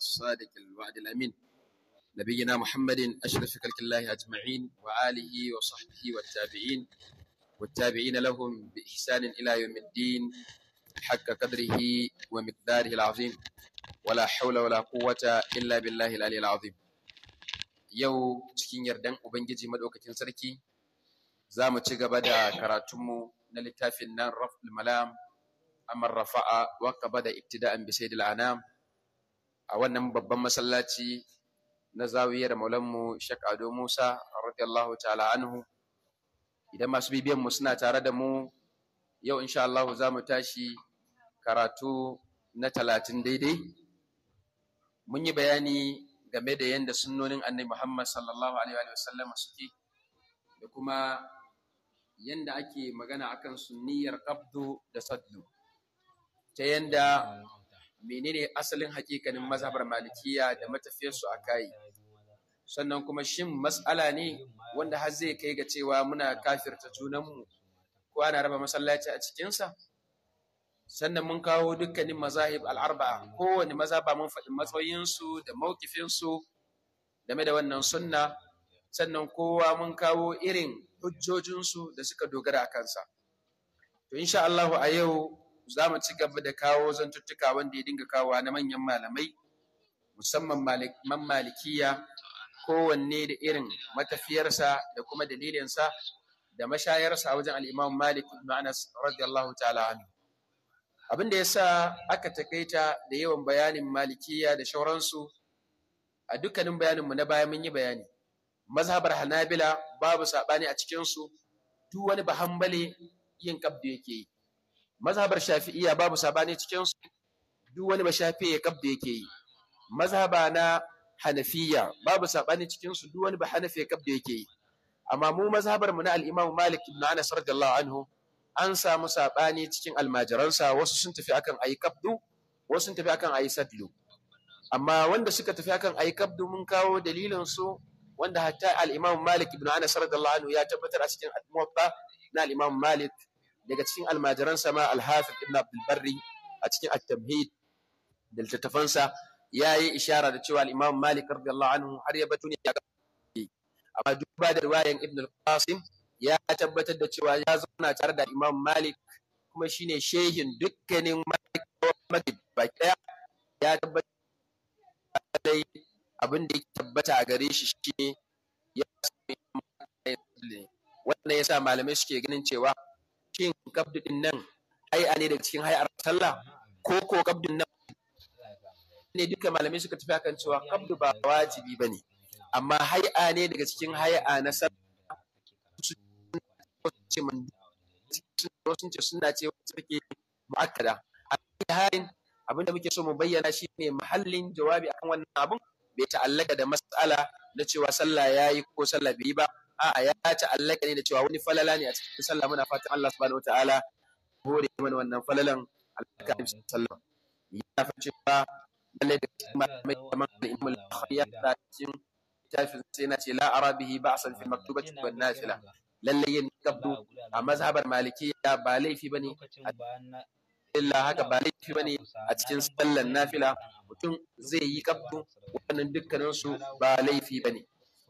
الصادق الوعد الأمين نبينا محمد أشرف خلق الله أجمعين وآله وصحبه والتابعين والتابعين لهم بإحسان إلى يوم الدين حق قدره ومقداره العظيم ولا حول ولا قوة إلا بالله العلي العظيم yau cikin yardan Ubangiji Maɗaukakin Sarki za mu ci gaba da karatunmu na littafin nan Raf'ul Malam Amar Rafa'a wa da ibtida'an bi Sayyidil Anam a wannan babban masallaci na zawiyar maulanmu Sheikh Ado Musa radiyallahu ta'ala anhu idan masu bibiyan mu suna tare da mu yau insha Allah za mu tashi karatu na talatin daidai mun yi bayani game da yadda sunnonin annabi Muhammad sallallahu alaihi sallam, suke da kuma yadda ake magana akan sunniyar qabdu da sadlu ta yadda menene asalin hakikanin mazhabar malikiya da matafiyarsu a kai sannan kuma shin mas'ala ne wanda har zai kai ga cewa muna kafirta junanmu ko ana raba masallaci a cikinsa sannan mun kawo dukkanin mazahib al'arba'a kowane maza ba mun faɗi matsayinsu da mawkifinsu game da wannan sunna sannan kowa mun kawo irin hujjojinsu da suka dogara a kansa to insha Allahu a yau za mu ci gaba da kawo zantuttuka wanda ya dinga kawowa na manyan malamai musamman man malikiya kowanne da irin matafiyarsa da kuma dalilinsa da mashayarsa a wajen al'imam malik ibn anas radiyallahu ta'ala anhu abin da sa aka takaita da yawan bayanin malikiya da shauransu a dukkanin bayaninmu na baya mun yi bayani mazhabar hanabila babu saɓani a cikinsu duk wani bahambale yin kabdu yake yi mazhabar shafi'iyya babu sabani cikin su duk wani mashafi ya kabda yake yi mazhaba na hanafiya babu sabani cikin su duk wani ba hanafi ya kabda yake yi amma mu mazhabar mu na al-Imam Malik ibn Anas radiyallahu anhu an samu sabani cikin almajiransa wasu sun tafi akan ayi kabdu wasu sun tafi akan ayi sadlu amma wanda suka tafi akan ayi kabdu mun kawo dalilin su wanda hatta al-Imam Malik ibn Anas radiyallahu anhu ya tabbatar a cikin al-Muwatta na al-Imam Malik daga cikin almajiran sama alhafiz ibn abdul a cikin at-tamhid da littattafansa ya yi ishara da cewa imam malik radiyallahu anhu har ya batu ne ya amma duba da riwayan ibn al-qasim ya tabbatar da cewa ya zauna tare da imam malik kuma shine shehin dukkanin malik baki daya ya tabbatar da abin da ya tabbata a gare shi shine ya sami wannan yasa malamai suke ganin cewa shin kabdu nan hay'a ne daga cikin hay'ar sallah ko ko kabdun nan ne duka malamai suka tafi akan cewa kabdu ba wajibi bane amma hay'a ne daga cikin hay'a na sallah sun ce suna ce suke mu'akkada a abin da muke so mu bayyana shi ne mahallin jawabi akan wannan abun bai ta'allaka da matsala na cewa sallah yayi ko sallah bai ba a'a ya ta'allaka ne da cewa wani falala ne a cikin sallah muna fatan Allah subhanahu wataala hore mana wannan falalan albarka da sallah ya fa cewa lalle da cikin malamai kamar Imam al-Bukhari ya da cikin tafsir sai na ce la arabihi ba'san fi maktubati wan nafila lalle yin kabdu a mazhabar malikiya ba laifi bane illa haka ba laifi bane a cikin sallan nafila mutum zai yi kabdu wannan dukkanin su ba laifi bane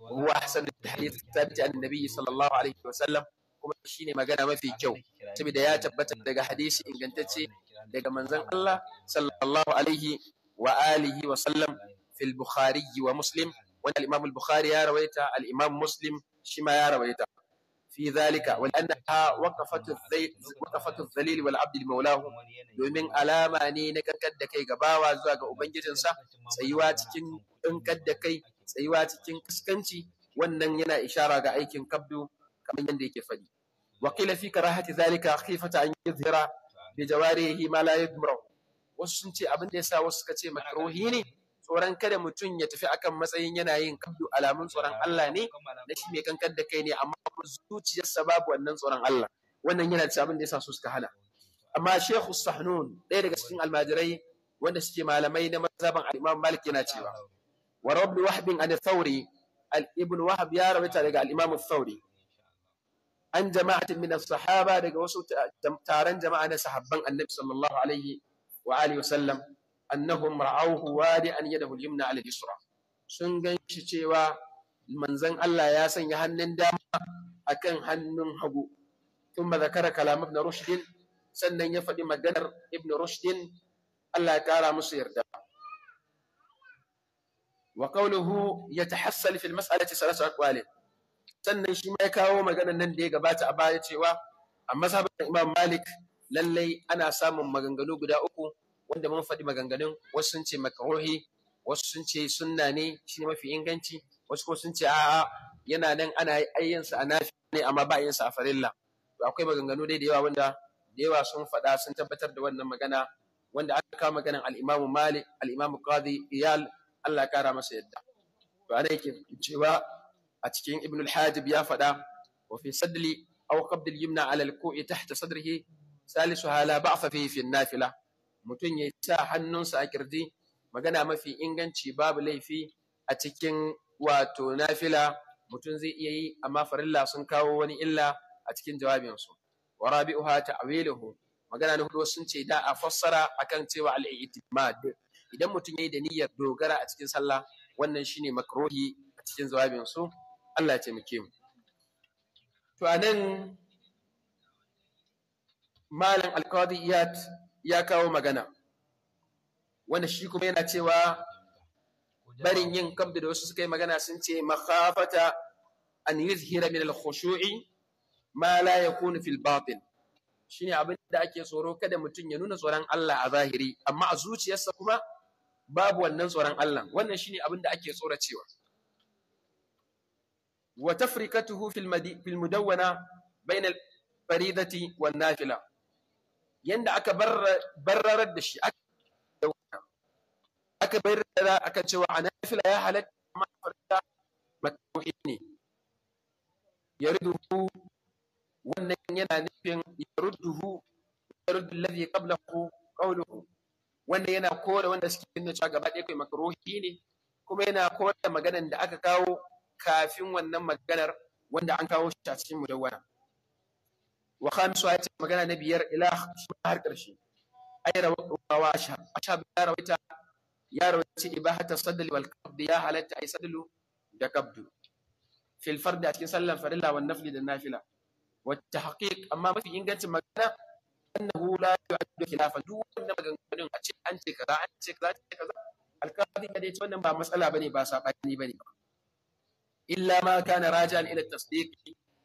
wa hasan hadith sabiti an nabi sallallahu alaihi wasallam kuma shine magana mafi kyau saboda ya tabbata daga hadisi ingantacce daga manzon Allah sallallahu alaihi wa alihi wa sallam fil bukhari wa muslim wanda al bukhari ya rawaita al muslim shi ya rawaita في ذلك ولأنها وقفت وقفت الذليل والعبد المولاه domin alama ne na kankar da kai gabawa zuwa ga ubangijinsa tsayuwa cikin kankar da kai tsayuwa cikin kaskanci wannan yana ishara ga aikin kabdu kamar yadda yake faɗi wa fi karahati zalika khifata an yuzhira bi jawarihi ma la yadmuru wasu sun ce abin da yasa wasu suka ce makruhi ne tsoron kada mutum ya tafi akan matsayin yana yin kabdu alamun tsoron Allah ne na shi mai kankar da kai ne amma zuciyarsa babu wannan tsoron Allah wannan yana da abin da yasa su suka hana amma shehu Sahnun ɗaya daga cikin almajirai wanda suke malamai na mazhaban Imam Malik yana cewa wa rabbi wahbin an thawri al ibn wahab ya rawaita daga al imam thawri an jama'atin min as-sahaba daga wasu taron jama'a na sahabban annabi sallallahu alaihi wa alihi wa sallam annahum ra'awhu wadi'an yadahu al-yumna 'ala yusra sun ganshi cewa manzon Allah ya sanya hannun dama akan hannun hagu thumma zakara kalam ibn rushd sannan ya faɗi maganar ibn rushd Allah ya kara musu yarda wa qawluhu ya fi al matsalaci salasu aqwalin sannan shi ma ya kawo maganar nan da ya gabata a baya cewa a mazhabin Imam Malik lallai ana samun maganganu guda uku wanda mun faɗi maganganun wasu sun ce makaruhi wasu sun ce sunna ne shine mafi inganci wasu ko sun ce a'a yana nan ana ayyansa a nafi ne amma ba ayyansa a farilla to akwai maganganu dai da yawa wanda da yawa sun faɗa sun tabbatar da wannan magana wanda aka kawo maganan al-Imam Malik al-Imam Qadi Iyal Allah kara masa yadda to ana yake cewa a cikin ibn hajib ya faɗa wa fi sadli aw qabd yumna ala al-ku'i tahta sadrihi salisu hala ba'fa fihi fi nafila mutum ya sa hannunsa a kirji magana mafi inganci babu laifi a cikin wato nafila mutum zai iya yi amma farilla sun kawo wani illa a cikin jawabinsu wa rabi'uha ta'wiluhu magana na hudu sun ce da a fassara akan cewa al-i'timad idan mutum ya yi da niyyar dogara a cikin sallah wannan shine makruhi a cikin jawabinsu, Allah ya taimake mu to anan malam alqadi iyat ya kawo magana wanda shi kuma yana cewa barin yin kabda da wasu suka yi magana sun ce makhafata an yuzhira min alkhushu'i ma la yakunu fil batin shine abin da ake tsoro kada mutum ya nuna tsoron Allah a zahiri amma a zuciyarsa kuma babu wannan tsoron Allah wannan shine abin da ake tsoracewa wa tafrikatuhu fil fil mudawwana bayna al faridati wan nafila yanda aka barrarar da shi aka bayyana aka cewa a nafila ya halatta amma farida makaruhi ne yarduhu wannan yana nufin yarduhu yardu alladhi qablahu qawluhu wanda yana kore wanda suke nuna cewa gaba ɗaya kai makaruhi ne kuma yana kore maganar da aka kawo kafin wannan maganar wanda an kawo shi a cikin mudawwana wa ya ce magana na biyar ila har karshe ay rawawa a asha ya rawaita ya rawaita ibahata sadl wal qabd ya halatta a yi da kabdu fil fard a cikin sallan farilla wan nafli da nafila wa tahqiq amma mafi ingancin magana annahu la yu'addu khilafan duk wannan maganganun a ce an ce kaza an ce kaza an ce kaza alqadi ya dai wannan ba matsala bane ba sabani bane ba illa ma kana rajan ila tasdiq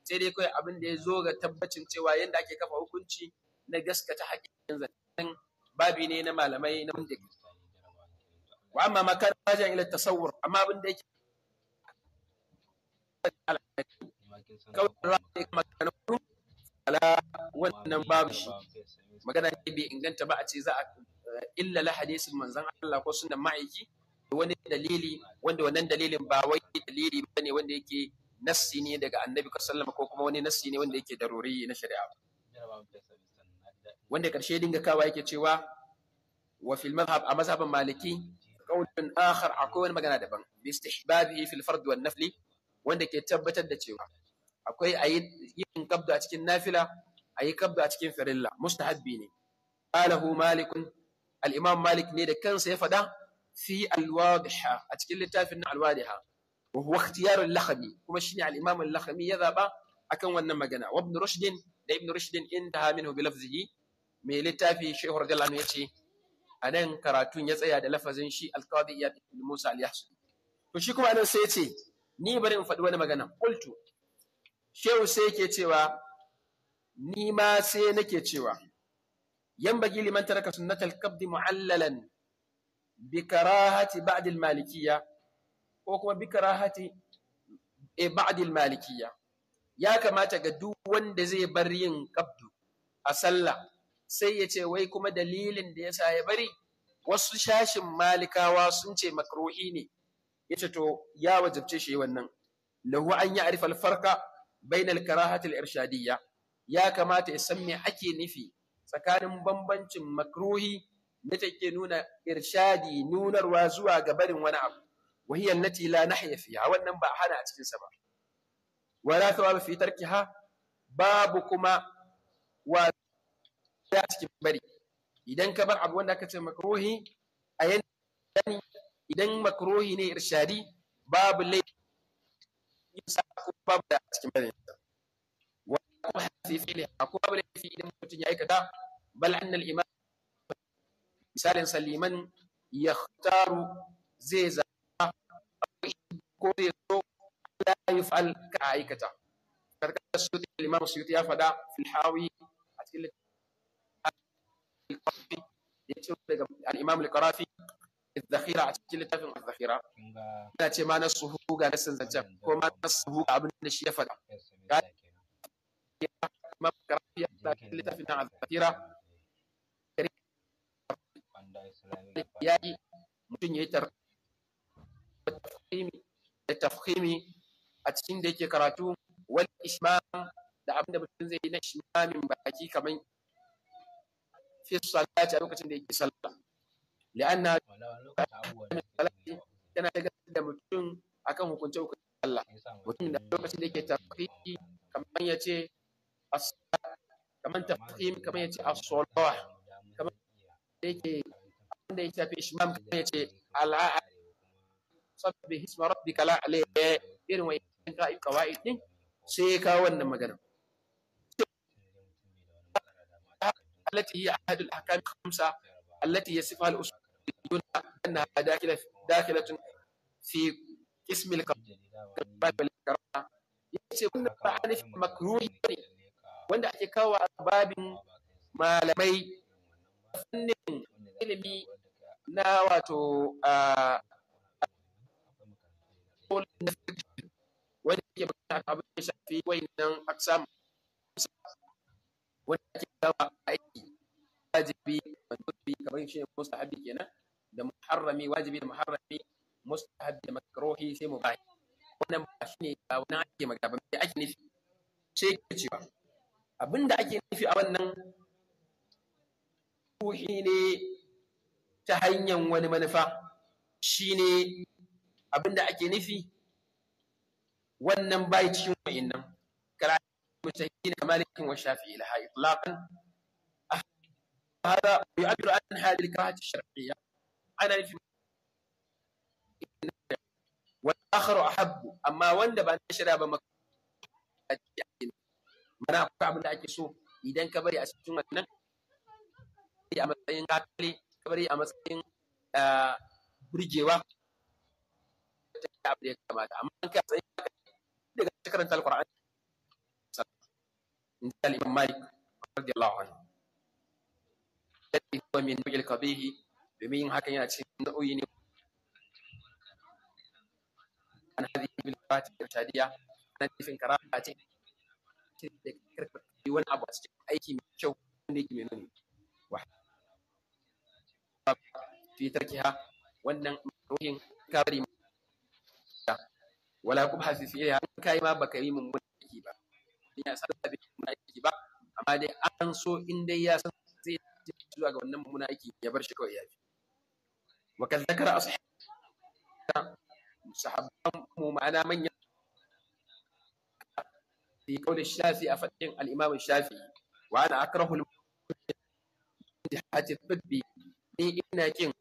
sai dai kawai abin da ya zo ga tabbacin cewa yanda ake kafa hukunci na gaskata hakikin zancen babi ne na malamai na wanda ke wa amma ma ila amma abin da yake kawai rajan kama tasawwur wannan babu shi magana ne bai inganta ba a ce za a eh, illa la hadisin manzon Allah ko sunan ma'aiki wani dalili wanda wannan dalilin ba wai dalili ba ne wanda yake nassi ne daga annabi ko Sallama, ko kuma wani nassi ne wanda yake daruri na shari'a wanda karshe dinga kawa yake cewa wa fil madhhab a mazhaban maliki qaulun akhar akwai wani magana daban bi istihbabihi fil fard wan nafli wanda ke tabbatar da cewa akwai ayi yin kabdu a cikin nafila a yi kabda a cikin Firilla, mustahabbi ne qalahu malik al-imam malik ne da kansa ya faɗa fi al-wadiha a cikin littafin al-wadiha wa huwa ikhtiyar al-lakhmi kuma shine al-imam al-lakhmi ya zaba akan wannan magana wa ibn rushd da ibn rushd intaha minhu bi lafzihi mai littafi shehu radiyallahu anhu yace anan karatun ya tsaya da lafazin shi al-qadi iyad musa al-yahsubi to shi kuma anan sai yace ni bari in faɗi wani magana qultu shehu sai yake cewa ni ma sai nake cewa yanbaghi liman taraka sunnatal kabdi mu'allalan bi karahati ba'd al malikiyya ko kuma bi karahati e eh, ba'd al malikiyya ya kamata ga duk wanda zai bar yin kabdu a sallah sai ya ce wai kuma dalilin da yasa ya bari wasu shashin malikawa sun ce makruhi ne yace to ya wajabce shi wannan lahu an ya arifal farqa bainal karahati al irshadiyya ya kamata ya san me ake nufi tsakanin bambancin makruhi da take nuna irshadi nunarwa zuwa ga barin wani abu وهي التي la nahya fiha wannan ba hana a cikin sa ba wala thawab fi tarkiha babu kuma wa ya cikin bari idan ka bar abu wanda aka ce makruhi a yani idan makruhi ne irshadi babu lai babu da cikin bari ولا في فعلها ko babu laifi idan mutum ya aikata bal annal imam misalin saliman yahtaru zai zaba ko zai so la yuf'al ka aikata karkar suyuti imam suyuti ya fada fil hawi a cikin littafin ya ce daga al-imam al-qarafi الذخيرة عتجل تفهم الذخيرة لا تي ما نصه جالس نزجب وما نصه قبل نشيفة ya littafin nan azakira yaƙi da tafhimi a cikin da yake karatu wal ishmam da abin mutum zai yi na ishmamin baki kamar fi a lokacin da yake sallah li'anna yana daga da mutum akan hukunce hukuncin Allah mutum da lokacin da yake tafhimi kamar ya ce كمان تقييم كمان يتي الصلاح كمان يتي كمان يتي في إشمام كمان يتي على صب به اسم ربك لا عليه ينوي كائن قوائد سيكا وانا مجانا التي هي أحد الأحكام الخمسة التي يصفها الأصول أنها داخلة داخلة في اسم القرآن يتي كنا بعرف مكروه يعني. wanda ake kawo a babin malamai fannin ilimi na wato a wanda ke magana abu da shafi wayannan aksam wanda ake kawo a aiki wajibi mandubi kamar shi ne mustahabi kenan da muharrami wajibi da muharrami mustahabi da makruhi sai mu mubahi wannan ba shi ne ba wani ake magana ba me ake nufi sai ke cewa abinda ake nufi a wannan ruhi ne ta hanyar wani manufa shine abinda ake nufi wannan bai cikin wa'innan kala mutahin malikin wa shafi'i laha itlaqan هذا يعبر عن هذه الكراهة الشرعية أنا في والآخر أحب أما وند بأن شراب مكان mana ku abin da ake so idan ka bari a cikin wannan a matsayin kakale ka bari a matsayin ah, burgewa ta abu da ya kamata amma an kai a tsayin daga cikin alkur'ani in ta al'imam malik radiyallahu anhu yadda kuma mai nufin kabihi domin yin hakan yana cikin nau'i ne an hadi bil fatih irshadiya ana fin karama a cikin mutum da karkata wani abu a cikin aiki mai kyau wanda yake mai nuni wa ki ha wannan ruhin kafiri wala kuma hafifiya an kai ma baka yi mummun aiki ba ya san da bai mummun aiki ba amma dai an so in dai ya san zai ji zuwa ga wannan mummun aiki ya bar shi kawai ya fi wa kan zakara ashabu sahabban mu ma'ana manyan fi qawl shafi a faɗin al-imam shafi wa ana akrahu al-jihati tibbi ni ina kin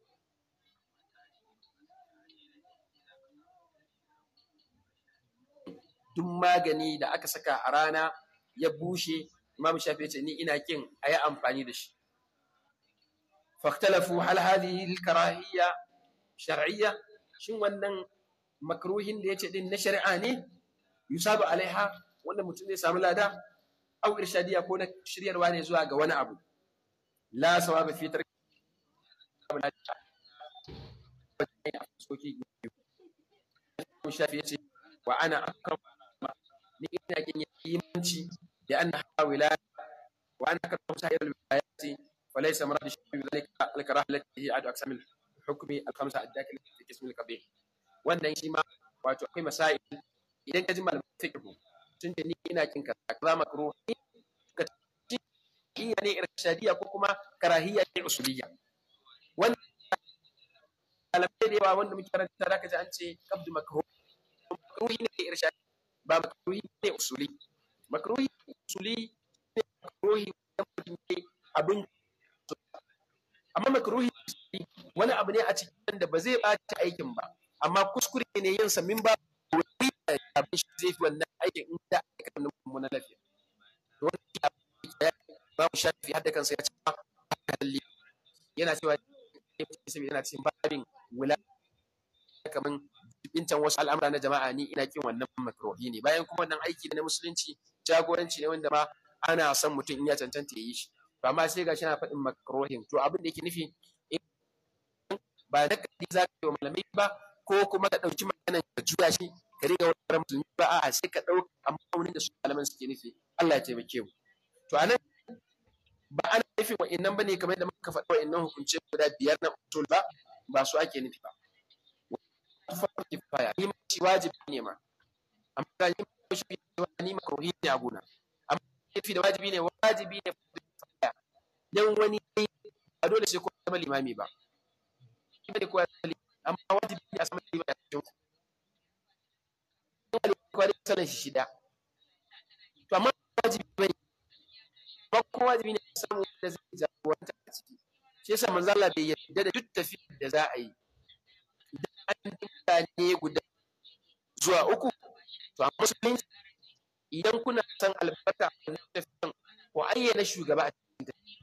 duk magani da aka saka a rana ya bushe imam shafi ya ni ina kin a yi amfani da shi faktalafu hal hadhihi karahiyya shar'iyya shin wannan makruhin da yace din na shari'a ne yusabu alaiha wanda mutum zai samu lada au irshadiya ko na shiryarwa ne zuwa ga wani abu la sawaba fi tarki shafi yace wa ana akan ni ina kin yimanci da an hawila wa ana kan sa'ir al-wilayati wa laysa marad shafi zalika al-karaha allati hi adu aksam al al-khamsa ad-dakil fi qism al-qabih wannan shi ma wato akwai masail idan ka ji malamin fiqh sun ce ni ina kin kaza kaza makruhi ka ci iya ne irshadiya ko kuma karahiya ne usuliyya wanda malamai da yawa wanda muke karanta zaka ji an ce kabdu makruh makruhi ne irshadi ba makruhi ne usuli makruhi usuli ne makruhi ne abin amma makruhi wani abu ne a cikin da ba zai ɓata aikin ba amma kuskure ne yin sa min ba abin shi zai fi wannan aikin in da aikata wani mummunan lafiya to wani ba mu shafi hadda kansa ya ce ah, kalli yana cewa yana cikin babin wula kaman jibintan wasu al'amura na jama'a ni ina kin wannan makrohi ne bayan kuma wannan aiki na musulunci jagoranci ne wanda ma ana son mutum in ya cancanta ya yi shi to amma sai gashi na faɗin makrohin to abin da yake nufi ba da kadi za ka yi wa malamai ba ko kuma ka ɗauki maganar ka juya shi ka riga wani musulmi ba a'a sai ka ɗauka amma wani da su malaman suke nufi Allah ya taimake mu to anan ba ana nufin wa'innan bane kamar da muka faɗa wa'innan hukunce guda biyar na usul ba ba su ake nufi ba farko kifaya ni ma shi wajibi ne ma amma ga ni ma shi ni ma kruhi ne a gona amma fi da wajibi ne wajibi ne kifaya dan wani yi ba dole sai ko zama limami ba kuma ba limami. amma wajibi ne a samu limami a cikin ku. yana da kwarin sallar shi shida to wajibi ba ne samu da zai jagoranta a ciki shi yasa manzo bai yarda da duk da za a yi da an guda zuwa uku to a musulunci idan kuna son albarka a wannan tafiyan ko ayyana shugaba a cikin tafiyan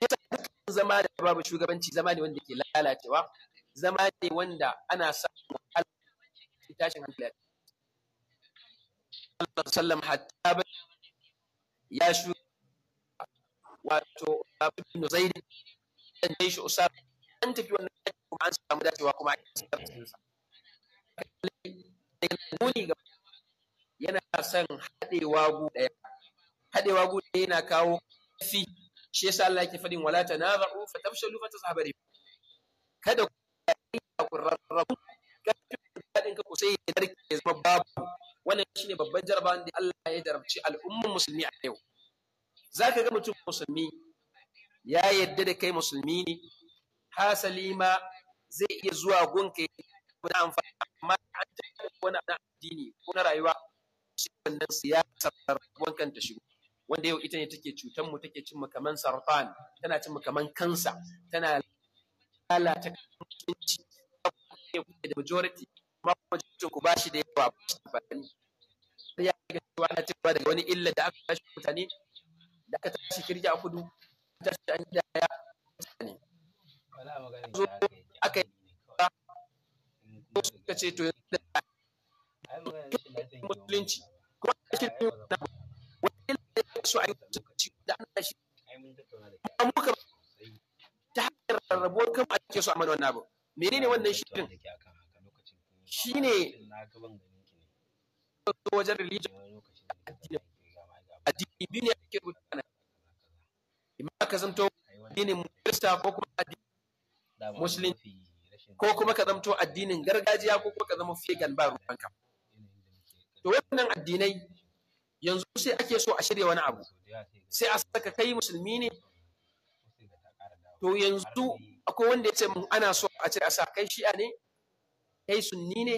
yasa dukkan zama da babu shugabanci zama ne wanda ke lalacewa zama ne wanda ana samun cikin tashin hankali Allah sallam hatta ba ya shu wato Abu bin Zaid dan dai shi usab an tafi wannan kuma an samu dacewa sa muni ga yana son gu gu yana kawo fi shi yasa Allah yake fadin wala tanaza'u fatabshalu kada ku yi kurrarrabu daɗin ka kusai ya darke ya zama babu wannan shine babban jarabawan da Allah ya jarabci al'ummar musulmi a yau zaka ga mutum musulmi ya yarda da kai musulmi ne hasali ma zai iya zuwa gunka ya amfani amma an tafi wani addini ko na rayuwa shi wannan siyasar rabuwan kanta shigo wanda yau ita ne take cutar mu take cin makaman sarfan tana cin makaman kansa tana lalata mutunci da majority amma kuma cikin ku bashi da yawa ba bashi da amfani sai ya ga cewa na cewa daga wani illa da aka tashi mutane da aka tashi kirja kudu da tashi an da ya mutane aka yi suka ce to yadda musulunci Kuma ko cikin wani illa da su an yi da an shi amma muka ta hanyar rarrabuwar kan ake so a mana wannan abu menene wannan shirin shine wajen religion addini biyu ne ake gudana imma ka zanto addinin kirista ko kuma addinin muslim ko kuma ka zamto addinin gargajiya ko kuma ka zama fegan ba ruwanka to wannan addinai yanzu sai ake so a shirya wani abu sai a saka kai musulmi ne to yanzu akwai wanda ya ce mun ana so a ce a sa kai shi'a ne kai sunni ne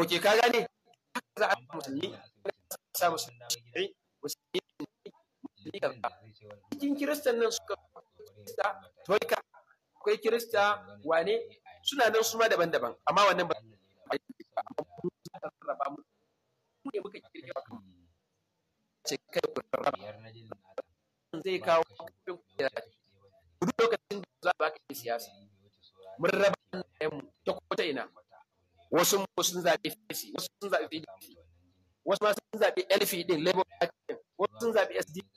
Oke ka gane za a musulmi sa musulmi musulmi kaza kiristan nan suka toika akwai kirista wane suna nan suma daban-daban amma wannan ba yi raba mu ne muka kirkira ce kai zai kawo kafin kujera duk lokacin da za ka yi siyasa mun raba mu ta ta ina wasu sun zaɓi fesi wasu sun zaɓi pdp wasu ma sun zaɓi lf din labour party wasu sun zaɓi sdp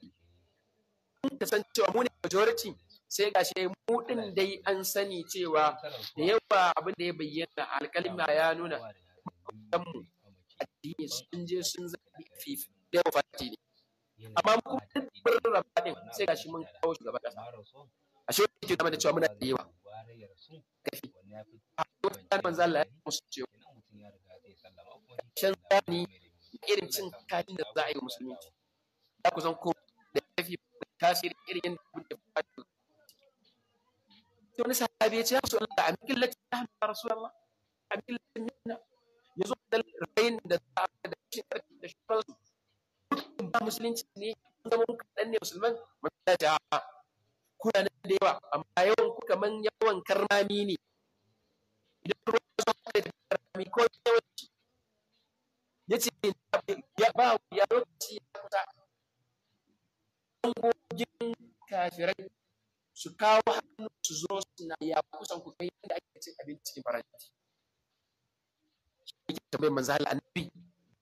mun ta san cewa mu ne majority sai gashi mu din dai an sani cewa da yawa abin da ya bayyana alkalima ya nuna mu addini sun je sun zaɓi fifi labour party ne amma mu kuma duk raba din sai gashi mun kawo shugaban ƙasa ashe yake zama da cewa muna da yawa kafi wannan manzo Allah ya musu cewa shan zani irin cin kafin da za a yi wa musulunci za ku san ko da kafi tasiri irin yadda abin da ba ta wani sahabi ya ce ya Allah a mikin lati na hamdu rasu Allah a mikin lati minna ya zo da rayin da za a da shi karfi da shi ba musulunci ne zama kaɗan ne musulman mutum ya ce a'a kuna da yawa amma yawan ku kaman yawan karmami ne idan ruwa sun kai da karmami ko yawanci ya ce ya ba ya lokaci ya kusa dangogin kafirai su kawo hannu su zo suna ya kusan ku kai yadda ake cin abinci faranti shi ne tambayar manzo Allah annabi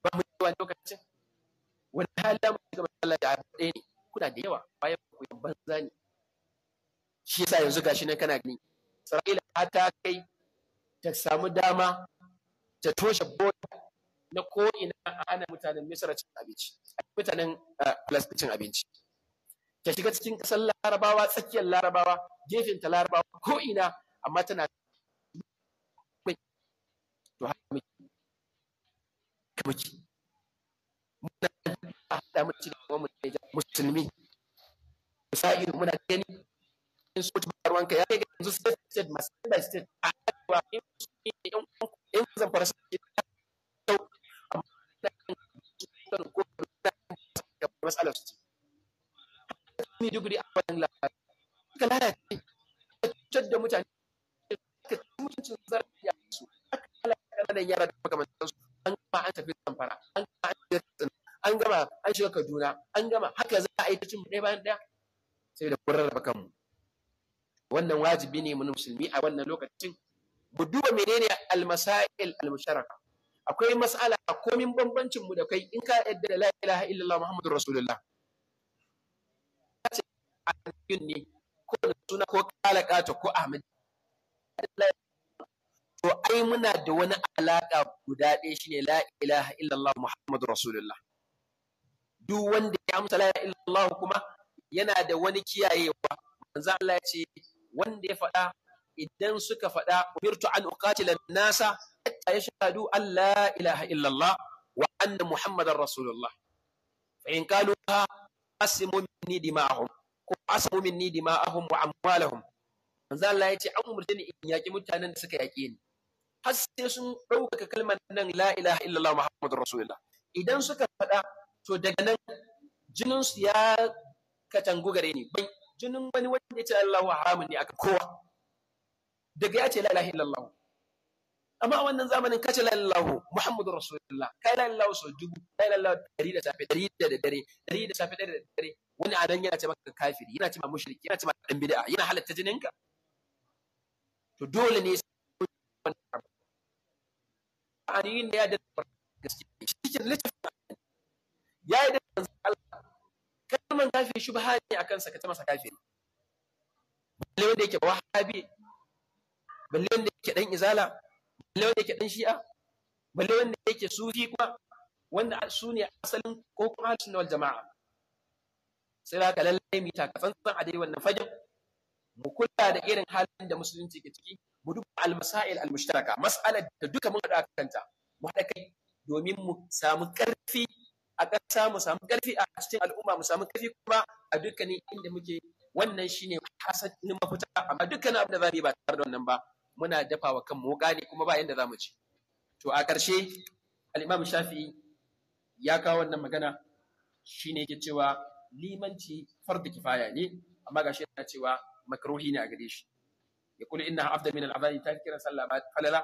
ba mu yawa lokacin wani halin mu ga manzo Allah ya ɗaya ne kuna da yawa bayan ku yan banza ne shi yasa yanzu gashi nan kana gani Isra'ila ta kai ta samu dama ta toshe boda na ko'ina ana mutanen Misra cin abinci, mutanen Falasɗin cin abinci. Ta shiga cikin ƙasar Larabawa, tsakiyar Larabawa, gefen ta Larabawa ko'ina, amma tana to haka muke. Muna haɗa mutum da musulmi. Musa'in muna gani in so ta bayar ka, ya kai yanzu state state masu by state a arewa in su ne yan yanzu zan fara da kyau, sai ta kan ko da masalar su ni digiri a lalata, lafiya ka lalace ka cutar da mutane ka mutuncin zarafi a su aka kala da yara da makamantan su an gama an tafi zamfara an gama an tafi tsina an gama an shiga kaduna an gama haka za a yi ta cin ɗaya bayan ɗaya sai da kurar da kanmu wannan wajibi ne mun musulmi a wannan lokacin mu duba menene al-masail al-musharaka akwai mas'ala komin bambancin mu da kai in ka yadda da la ilaha illallah muhammadur rasulullah annabiyun ne ko suna ko ta ko ahmad to ai muna da wani alaka guda ɗaya shine la ilaha illallah muhammadur rasulullah duk wanda ya amsa la ilaha illallah kuma yana da wani kiyayewa manzo Allah ya ce wanda ya faɗa idan suka faɗa umirtu an uqatila nasa hatta yashhadu an la ilaha illallah wa anna muhammadar rasulullah fa in qalu asimu minni dima'ahum ko asimu minni dima'ahum wa amwalahum manzo Allah yace an umurta ni in yaki mutanen da suka yake ni har sai sun ɗaukaka kalmar nan la ilaha illallah muhammadur rasulullah idan suka faɗa to daga nan jininsu ya katangu gare ni jinin wani wanda ya ce Allahu haramun ne akan kowa daga ya ce la ilaha amma a wannan zamanin kace la Muhammadu Muhammadur Rasulullah kai la ilaha dubu la ilaha dari da safe dari da dare dari da safe dari da dare wani a nan yana ce maka kafiri yana ce ma mushriki yana ce ma dan bid'a yana halatta jininka to dole ne an yi ne ya da gaskiya shi ke littafin ya yi da Allah kalman kafiri shubha ne a kansa ka ce masa kafiri balle wanda yake wahabi balle wanda yake dan izala balle wanda yake dan shi'a balle wanda yake sufi kuma wanda su ne asalin ko kuma sunna wal jama'a sai haka lallai mu taka tsantsan a dai wannan mu kula da irin halin da musulunci ke ciki mu duba al-masail al-mushtaraka mas'alar da duka mun hada kanta mu hada kai domin mu samu karfi a ƙasa mu samu ƙarfi a cikin al'umma mu samu ƙarfi kuma a dukkanin inda muke wannan shine hasadin mafita amma dukkanin abin da za mu yi ba tare da wannan ba muna dafa wa kanmu wuƙa ne kuma ba yanda za mu ci to a ƙarshe al-Imam Shafi'i ya kawo wannan magana shine yake cewa limanci fardu kifaya ne amma gashi yana cewa makruhi ne a gare shi يقول إنها kiran من الأذان تذكرا صلى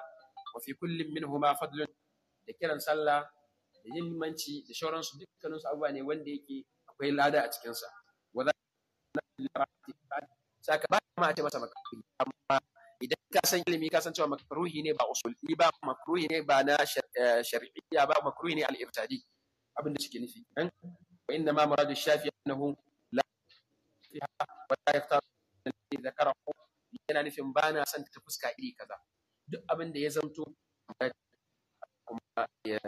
kullin min huma منهما da kiran salla. da yin limanci da shauransu dukkanin su abubuwa ne wanda yake akwai lada a cikin sa wanda saka ba ma a ce masa makaruhi amma idan ka san ilimi ka san cewa makaruhi ne ba usuli ba makaruhi ne ba na eh, shar'iyya ba makaruhi ne al-irtadi abin da suke nufi dan wa inna ma muradu shafi annahu la fiha wa la yaftar alladhi dhakarahu yana nufin ba na san ta fuska iri kaza duk abin da ya zamto kuma ya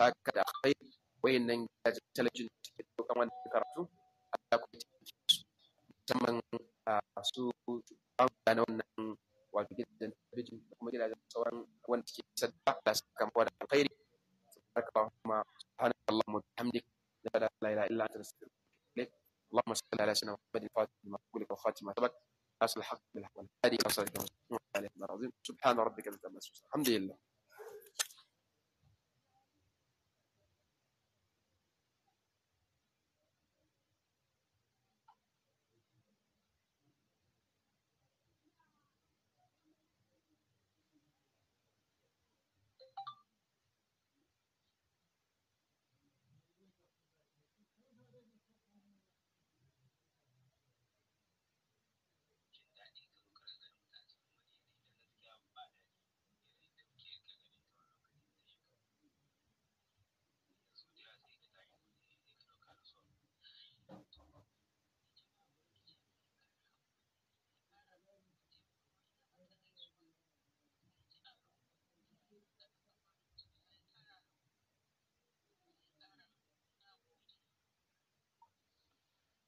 saka da kai wayannan gidajen talabijin da suke ɗaukan wannan karatu Allah ku taimake su musamman su ɓangare na wannan wato gidajen talabijin da kuma gidajen sauran wanda suke sadda da alkhairi barka kuma la ilaha illa anta astaghfiruka اللهم صل على سيدنا محمد وخاتم ما الحق بالحق والهادي سبحان ربك رب العزه الحمد لله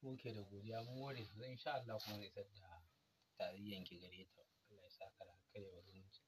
Oke da godiya mun gode sosai insha Allah kuma zai isar da ki gare ta. Allah ya saka da alkhairi